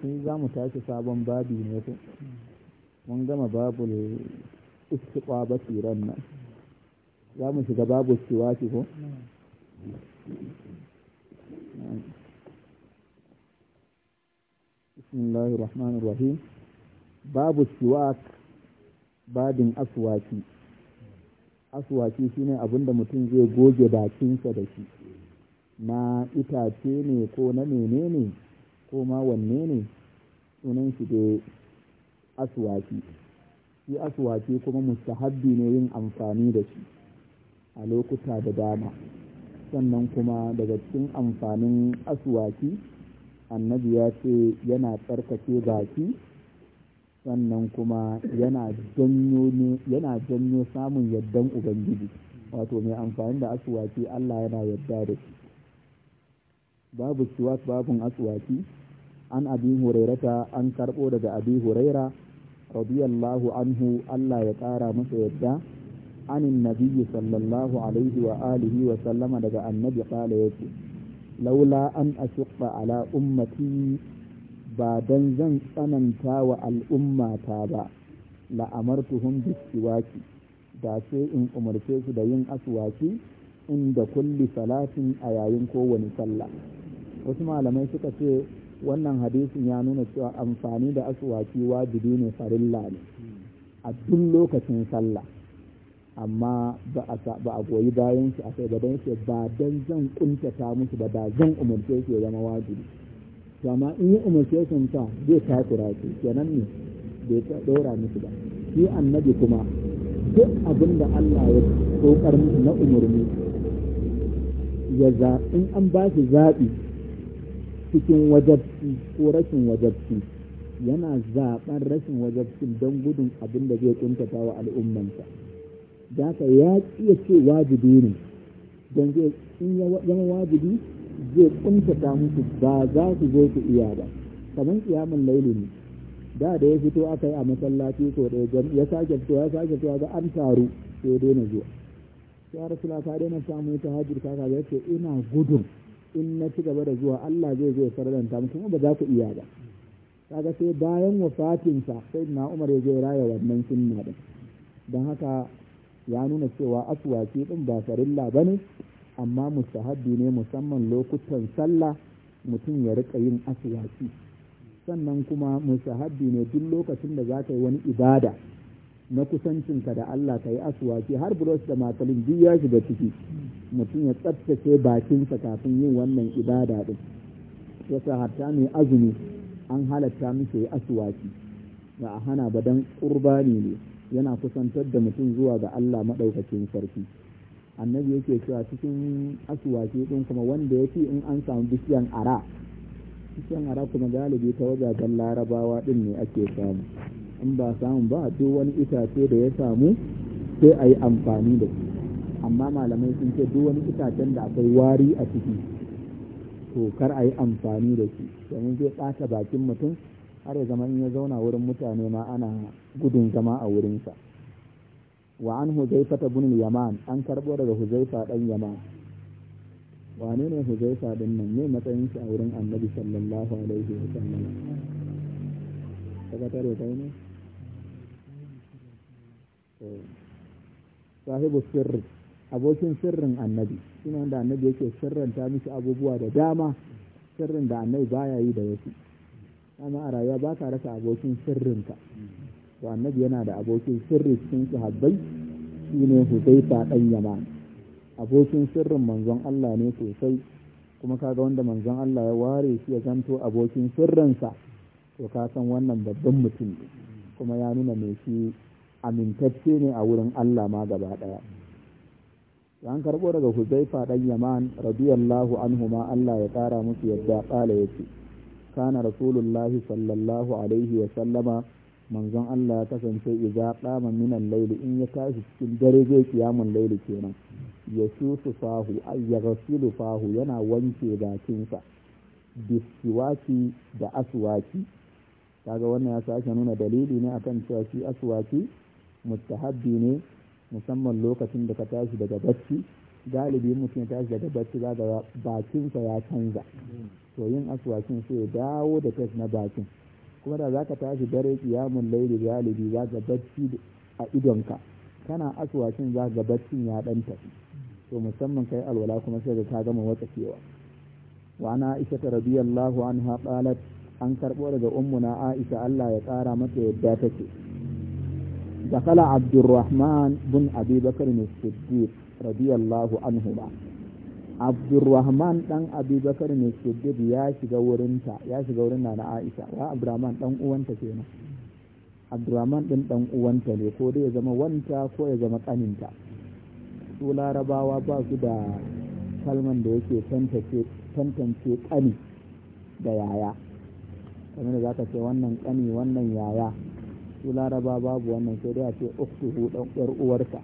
sai za mu tashi sabon babi ne ku mun gama babu istiqwa basiran nan za mu shiga babu siwaki ko bismillahir rahmanir rahim babu siwak babin aswaki aswaki shine abin da mutum zai goge bakinsa da shi na itace ne ko na menene ko ma wanne ne sunan shi da aswaki shi aswaki kuma mustahabbi ne yin amfani da shi a lokuta da dama sannan kuma daga cikin amfanin aswaki annabi ya ce yana tsarkake baki sannan kuma yana janyo samun yaddan ubangiji wato mai amfani da aswaki Allah yana yadda da shi babu siwak babun aswaki an abi hurairata an karɓo daga abi huraira radiyallahu anhu Allah ya kara masa yadda anin nabiyyi sallallahu alaihi wa alihi wa sallama daga annabi qala yake laula an ashqa ala ummati ba dan zan tsananta wa al'ummata ba la amartuhum bisiwaki da sai in umarce su da yin aswaki inda kulli salatin a yayin kowane sallah wasu malamai suka ce wannan hadisin ya nuna cewa amfani da asuwaki wajibi ne farilla ne a duk lokacin sallah amma ba a goyi bayan shi a sai ba don shi ba dan zan kuntata musu ba da zan umarce shi ya zama wajibi to amma in yi umarce shi ta zai takura shi kenan ne bai dora musu ba shi annabi kuma duk abin da Allah ya tsokar na umarni ya in an ba shi zaɓi cikin wajabci ko rashin wajabci yana zaɓar rashin wajabcin don gudun abin da zai kuntata wa al'ummansa da ka ya iya ce wajibi ne don zai in zama wajibi zai kuntata musu ba za su zo su iya ba kamar kiyamun laili ne da da ya fito aka yi a masallaci ko ɗaya ya sake fito ya sake fito ga an taru sai daina zuwa ya rasu ka daina samun ta hajjir kaka ya ce ina gudun in na ci gaba da zuwa Allah zai zo ya faranta mutum ba za ku iya ba kaga sai bayan sa sai na Umar ya je raya wannan sunna din don haka ya nuna cewa aswaki din ba farilla bane amma mustahabbi ne musamman lokutan sallah mutum ya rika yin aswaki sannan kuma mustahabbi ne duk lokacin da za ka yi wani ibada na kusancinka da Allah ka yi asuwaki har buros da matalin duk ya shiga ciki mutum ya tsaftace bakinsa kafin yin wannan ibada din yasa hatta mai azumi an halatta mishi ya aswaki ba a hana ba dan qurbani ne yana kusantar da mutum zuwa ga Allah madaukakin sarki annabi yake cewa cikin asuwaki din kuma wanda yake in an samu bishiyan ara cikin ara kuma galibi ta wajajen larabawa din ne ake samu in ba samu ba duk wani itace da ya samu sai a yi amfani da shi amma malamai sun ce duk wani itacen da akwai wari a ciki to kar a yi amfani da shi domin zai ɓata bakin mutum har ya zama in ya zauna wurin mutane ma ana gudun zama a wurinsa wa an huzaifa ta bunin yaman an karɓo daga huzaifa ɗan yaman wane ne huzaifa ɗin nan ne matsayin shi a wurin annabi sallallahu alaihi wa sallam kai ne sahibu sirri abokin sirrin annabi shine wanda annabi yake sirranta mishi abubuwa da dama sirrin da annabi baya yi da wasu amma a rayuwa ba ka rasa abokin sirrinka to annabi yana da abokin sirri cikin sahabbai shine huzaifa dan yama abokin sirrin manzon Allah ne sosai kuma kaga wanda manzon Allah ya ware shi ya zanto abokin sirrinsa to ka san wannan babban mutum kuma ya nuna mai shi amintacce ne a wurin Allah ma gaba ɗaya. An karɓo daga Huzaifa ɗan Yaman radiyallahu anhu ma Allah ya ƙara musu yadda ƙala ya ce, Kana Rasulullahi sallallahu alaihi wa sallama manzon Allah ya kasance iza ƙama minan laili in ya tashi cikin dare zai kiyamun laili kenan. Ya shusu fahu, ya rasulu fahu yana wanke bakinsa. Bisiwaki da aswaki. Kaga wannan ya sake nuna dalili ne akan cewa shi aswaki mustahabbi ne musamman lokacin da ka tashi daga bacci galibi mutum ya tashi daga bacci za ga bakinsa ya canza to yin aswakin sai ya dawo da tes na bakin kuma da za ka tashi dare kiyamun laili galibi za ga bacci a idonka kana aswakin za ga baccin ya dan tafi to musamman kai alwala kuma sai ka gama watsakewa wa ana aisha radiyallahu anha qalat an karɓo daga ummuna aisha Allah ya kara mata yadda take Da kala الرحمن bin أبي بكر الصديق radiyallahu anhu ba عبد dan دان أبي بكر ya shiga wurinta ya shiga شيغا ورنا Aisha ya Abd dan uwanta kenan Abd din dan uwanta ne ko dai ya zama wanta ko ya zama kaninta su larabawa ba su da kalman da yake tantance kani da yaya kamar da zaka ce wannan kani wannan yaya su laraba babu wannan sai dai a ce uktuhu dan yar uwarsa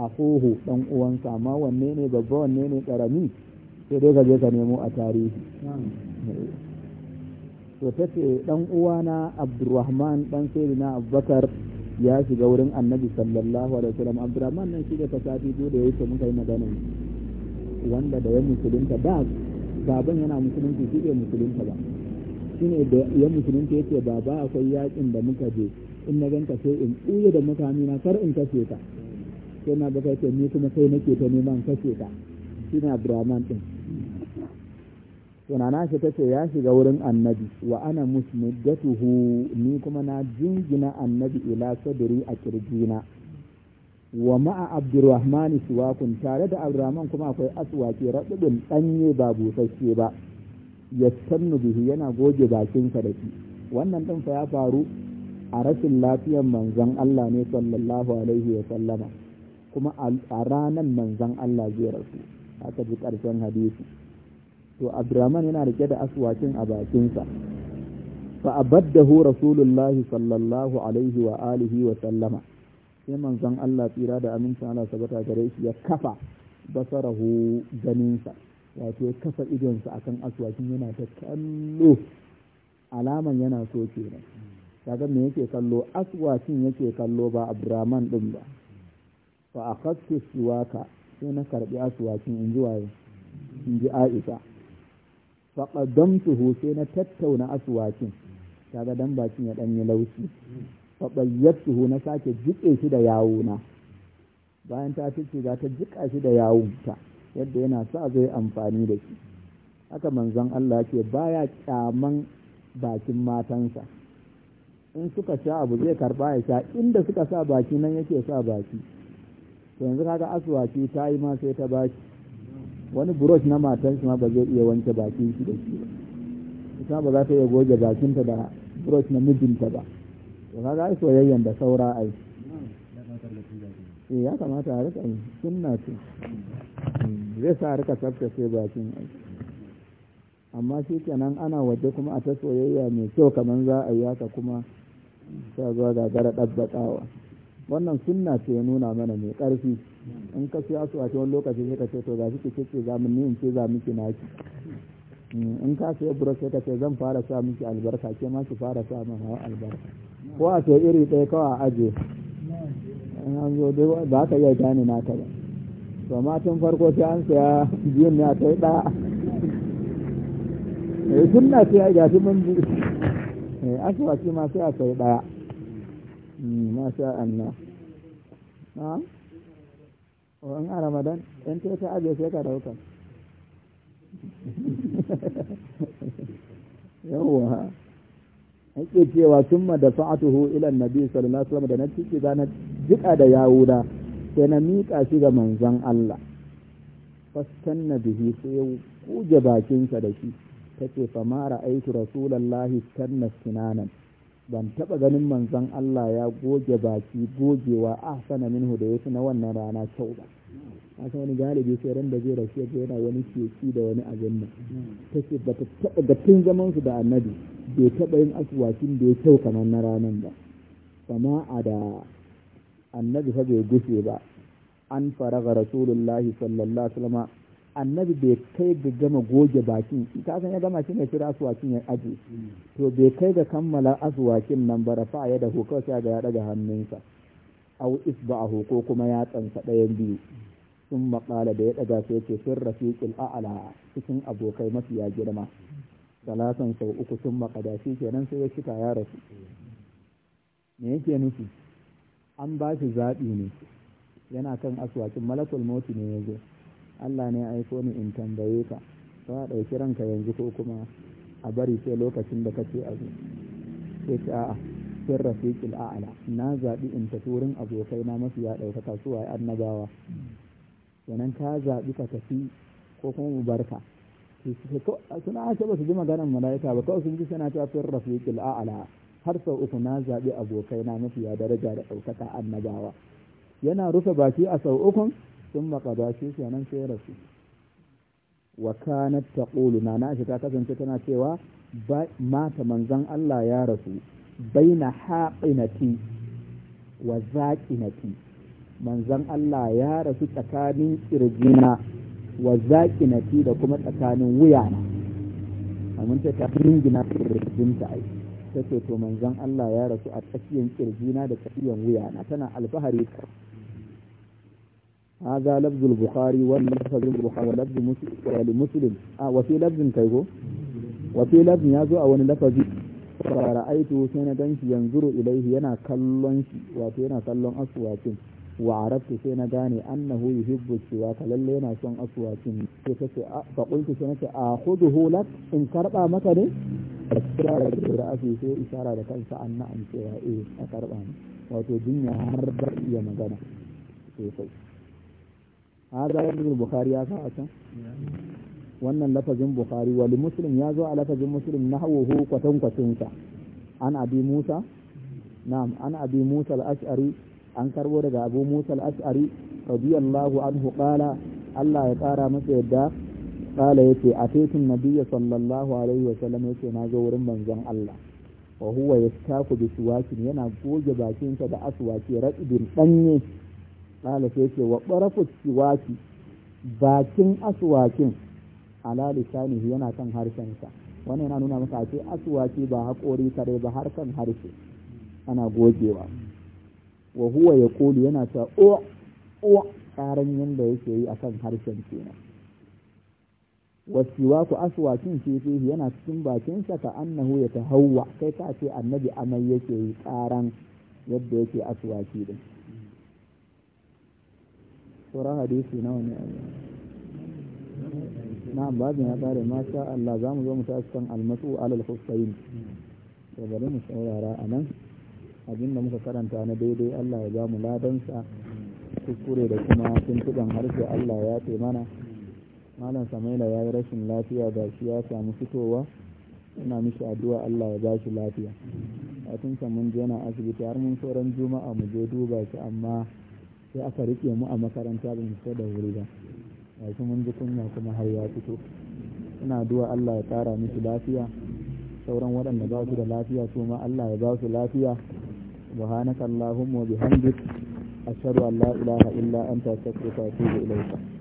akuhu dan uwansa amma wanne ne babba wanne ne karami sai dai ka ka nemo a tarihi to ta ce dan uwana abdurrahman dan na abubakar ya shiga wurin annabi sallallahu alaihi wasallam abdurrahman nan shi da fasati biyu da yake muka yi magana wanda da ya musulunta da baban yana musulunci shi bai musulunta ba shine da ya musulunta yace ba akwai yakin da muka je in na ganka sai in ɓuya da mutane na kar in kashe ka sai na baka yace ni kuma sai nake ta neman kashe ka shine Abdurrahman din Suna na shi tace ya shiga wurin annabi wa ana musmuddatuhu ni kuma na jingina annabi ila sadri a kirjina wa ma'a Abdurrahman suwakun tare da Abdurrahman kuma akwai aswaki raɗuɗin ɗanye ba busasshe ba Ya sannu bihi yana goge bakinsa da shi wannan din fa ya faru a rashin lafiyar manzon Allah ne sallallahu alaihi wa sallama kuma a ranan manzon Allah zai rasu aka ji karshen hadisi to Abdurrahman yana rike da aswakin a bakinsa fa abaddahu rasulullahi sallallahu alaihi wa alihi wa sallama sai manzon Allah tsira da amincin Allah sabata gare shi ya kafa basarahu ganinsa wato ya kafa idonsa akan aswakin yana ta kallo alaman yana so kenan kaga me yake kallo aswakin yake kallo ba biraman din ba fa akhadtu siwaka sai na karbi aswakin in ji waye in ji aisha fa qaddamtuhu sai na tattauna aswakin kaga dan bakin ya dan yi laushi fa bayyatuhu na sake jike shi da yawuna bayan ta fi za ta jika shi da yawunta ta yadda yana sa zai amfani da shi haka manzon Allah ce baya kyaman bakin matansa in suka sha abu zai karba ya sha inda suka sa baki nan yake sa baki to yanzu kaga aswaki ta yi ma sai ta baki wani burosh na matan ma ba zai iya wanke bakin shi da shi ba kuma ba za ta iya goge bakin ta da burosh na mijinta ba to kaga ai soyayyen da saura ai eh ya kamata a rika yi sunna ce hmm. zai sa harka tsaftace bakin amma shi kenan ana waje kuma a ta soyayya mai kyau kamar za a yi haka kuma ta zuwa gara ɗabbaƙawa wannan sunna ce ya nuna mana mai ƙarfi in ka siya su a cikin lokaci sai ka ce to ga shi ce za mu ce za ki naki hmm, in ka siya brush sai ka ce zan fara sa miki albarka ke ma fara sa min hawa albarka ko a ce iri ɗaya kawai a aje an ba ka iya gane naka ba to ma tun farko sai an saya biyun ne a kai ɗa eh sunna sai a gashi mun bi eh aswaki ma sai a kai ɗaya hmm, ma sha na. ha oh, wani a ramadan yan ta ta aje sai ka dauka yawwa ake cewa sun ma da fa'atuhu ilan nabi sallallahu alaihi wasallam da na ciki na jika da yawuda sai na miƙa shi ga manzon Allah fastan na bihi sai ya kuje bakinsa da shi ta ce fa ma ra'aitu rasulallahi tanna sinanan ban taɓa ganin manzon Allah ya goge baki gogewa a sana minhu da fi na wannan rana kyau ba san wani galibi sai ran da zai rashe ga yana wani keci da wani abin nan ta ce ba ta taɓa ga tun zaman su da annabi bai taɓa yin asuwakin da ya kyau kamar na ranan ba kama a da annabi fa bai gushe ba an faraga rasulullahi sallallahu alaihi wasallam annabi bai kai ga gama goge bakin ka san ya gama shi ne shi rasuwa aswakin ya aje to bai kai ga kammala aswakin nan bara fa ya da hukar sai ga ya daga hannunsa aw a ko kuma ya tsansa ɗayan biyu sun maƙala da ya ɗaga sai ce sun rafiƙil a'ala cikin abokai mafiya girma salasan sau uku sun maƙada shi kenan sai ya shika ya rasu me yake nufi an ba shi zaɓi ne yana kan aswakin malakul mauti ne ya zo Allah ne aiko ni in tambaye ka ka ɗauki ranka yanzu ko kuma a bari sai lokacin da kace a zo sai ce a'a sun a'ala na zaɓi in tafi wurin abokai na mafi ya ɗaukaka su waye annabawa kenan ka zaɓi ka tafi ko kuma mu barka suna ce ba su ji maganar mala'ika ba kawai sun ji suna cewa sun rafiqil a'ala har sau uku na zaɓi abokai abokaina mafiya daraja da ɗaukaka annabawa yana rufe baki a sau ukun sun makaba shi kenan sai rasu wa kanat taqulu na na ta kasance tana cewa mata manzon Allah ya rasu baina haqinati wa zaqinati manzon Allah ya rasu tsakanin kirjina wa zaqinati da kuma tsakanin wuyana amince ta ringina kirjinta ai ta ce to manzon Allah ya rasu a tsakiyar kirjina da tsakiyar wuya na tana alfahari هذا لفظ البخاري ولفظ البخاري ولفظ مسلم آه وفي لفظ كيغو وفي لفظ يازو أو لفظ فرأيته سنة ينظر إليه ينا كلون وفي ينا كلون أسواك وعرفت سنة داني أنه يحب السواك للي ينا سن فقلت سنة أخذه لك إن كربا ne? kira da ra'afi sai isara da kansa an na'am cewa eh a karɓa ne wato jinya har bar iya magana sosai hada ibn bukhari ya sa a can wannan lafazin bukhari wali muslim ya zo a lafazin muslim nahwuhu kwatan kwatan sa an abi musa na'am an abi musa al-ash'ari an karbo daga abu musa al-ash'ari radiyallahu anhu qala Allah ya kara masa yadda ƙala ya ce a fetin nabiya sallallahu Alaihi wasallam ya ce na zo wurin manzan Allah wa huwa ya ta yana goge bakinta da asuwaki rabi bin ɗanye ƙala sai ce wa ɓarafi suwaki bakin asuwakin alali yana kan harshenka wani yana nuna maka ce asuwaki ba haƙori kare ba harkan harshe ana gogewa wa huwa kulu yana ta ƙaran yin da yake yi a kan harshen kenan wasiwaku aswakin shi yana cikin bakinsa ka annahu ya tahawwa kai ka ce annabi amai yake yi karan yadda yake aswaki din sauran hadisi nawa ne ya kare ma sha Allah zamu zo mu tashi kan almasu alal husayn to bari mu saurara anan abin da muka karanta na daidai Allah ya ba mu sa kuskure da kuma tuntuban harshe Allah ya ce mana malam samaila ya yi rashin lafiya ga shi ya samu fitowa ina mishi addu'a Allah ya bashi lafiya a tun mun na asibiti har mun sauran juma'a mu je duba shi amma sai aka rike mu a makaranta ba mu da wuri ba gashi mun ji kunya kuma har ya fito ina addu'a Allah ya kara mishi lafiya sauran waɗanda ba su da lafiya su ma Allah ya ba su lafiya subhanakallahumma wa bihamdik ashhadu an la ilaha illa anta astaghfiruka wa atubu ilayka